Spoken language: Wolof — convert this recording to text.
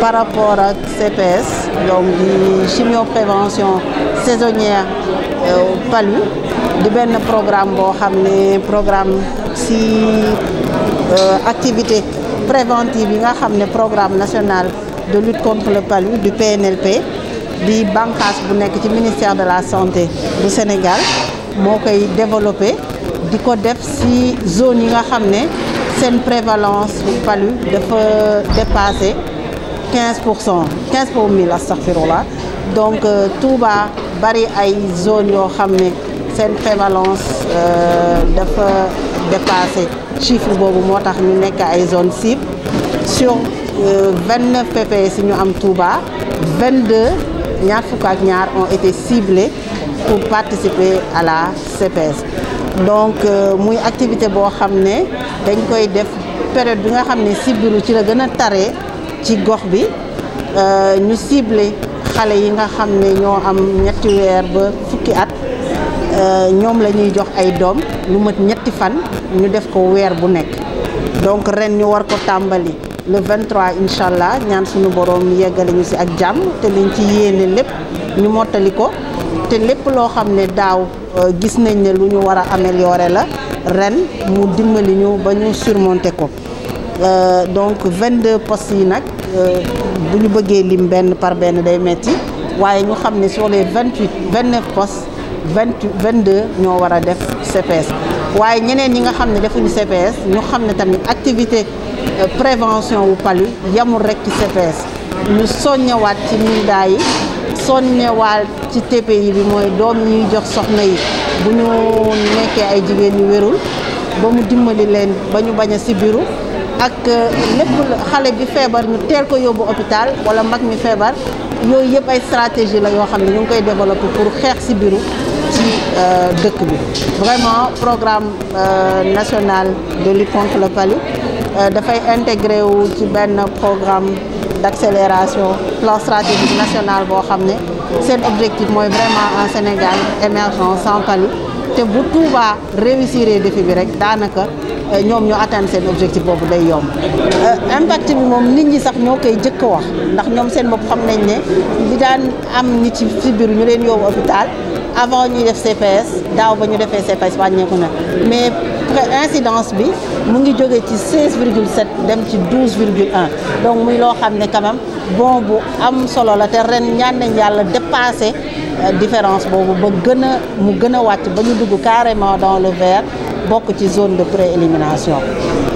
par rapport ak CPS donc di chimioprévention saisonnière euh, palu di benn programme boo xam ne programme si euh, activité préventive yi nga xam ne programme national de lutte contre le palu du PNLP di bànqaas bu nekk ci ministère de la santé bu Sénégal moo koy développé di ko def si zone yi nga xam ne seen prévalence palu dafa dépassé 15 pour cent 15 pour mille astaghfirullah donc euh, Touba bari ay zone yoo xam ne seen prévalence euh, dafa dépassé chiffre boobu moo tax ñu nekk ay zone cible sur 29 euh, PPS ñu am Touba 22 ñaar fukk ak ñaar ont été ciblés pour participer à la CPS donc muy activité boo xam ne dañ koy def période bi nga xam ne cible ci la gën a taree ci gox bi euh, ñu sible xale yi nga xam ne ñoo am ñetti weer ba fukki at euh, ñoom la ñuy jox ay doom lu mat ñetti fan ñu def ko weer bu nekk donc ren ñu war ko tàmbali le 23 incha allah ñaan suñu borom yeggale ñu si ak jàmm te liñ ci yéene lépp ñu mottali ko te lépp loo xam ne daaw euh, gis nañ ne lu ñu war a améliorer la ren mu dimbali ñu ba ñu surmonter ko. Euh, donc 22 post yi nag euh, bu ñu bëggee lim benn par benn day metti waaye ñu xam ne sur les 28 29 postes 28 22 ñoo war a def CPS waaye ñeneen yi nga xam ne defuñu CPS ñu xam ne tamit activité euh, prévention wu palu yamul rek ci CPS ñu soññewaat ci mindaa yi soññewaat ci yi bi mooy doom ñuy jox soxna yi bu ñu nekkee ay jigéen ñu wérul ba mu dimbali leen ba ñu bañ a sibiru ak euh, lépp xale bi feebar ñu teel ko yóbbu hôpital wala mag mi feebar yooyu yëpp ay stratégie la yoo xam ne ñu ngi koy développé pour xeex si biru ci euh, dëkk bi vraiment programme euh, national de lutte contre le palu dafay intégré wu ci benn programme d'accélération plan stratégique national boo xam ne seen objectif mooy vraiment un Sénégal émergent sans palu te bu Touba réussir défi bi rek daanaka euh, ñoom ñoo atteindre seen objectif boobu day yomb euh, impact bi moom nit ñi sax ñoo koy jëkk wax ndax ñoom seen bopp xam nañ ne li daan am nit ci fibiru ñu leen yóbbu hôpital avant ñuy def CPS daaw ba ñu defee CPS wàññeeku na mais incidence bi mu ngi jóge ci 16 virgule 7 dem ci 12 virgule 1 donc muy loo xam ne quand même bon bu am solo la te ren ñaan nañ yàlla dépassé euh, différence boobu ba gën a mu gën a wàcc ba ñu dugg carrément dans le vert bokk ci zone de pré préélimination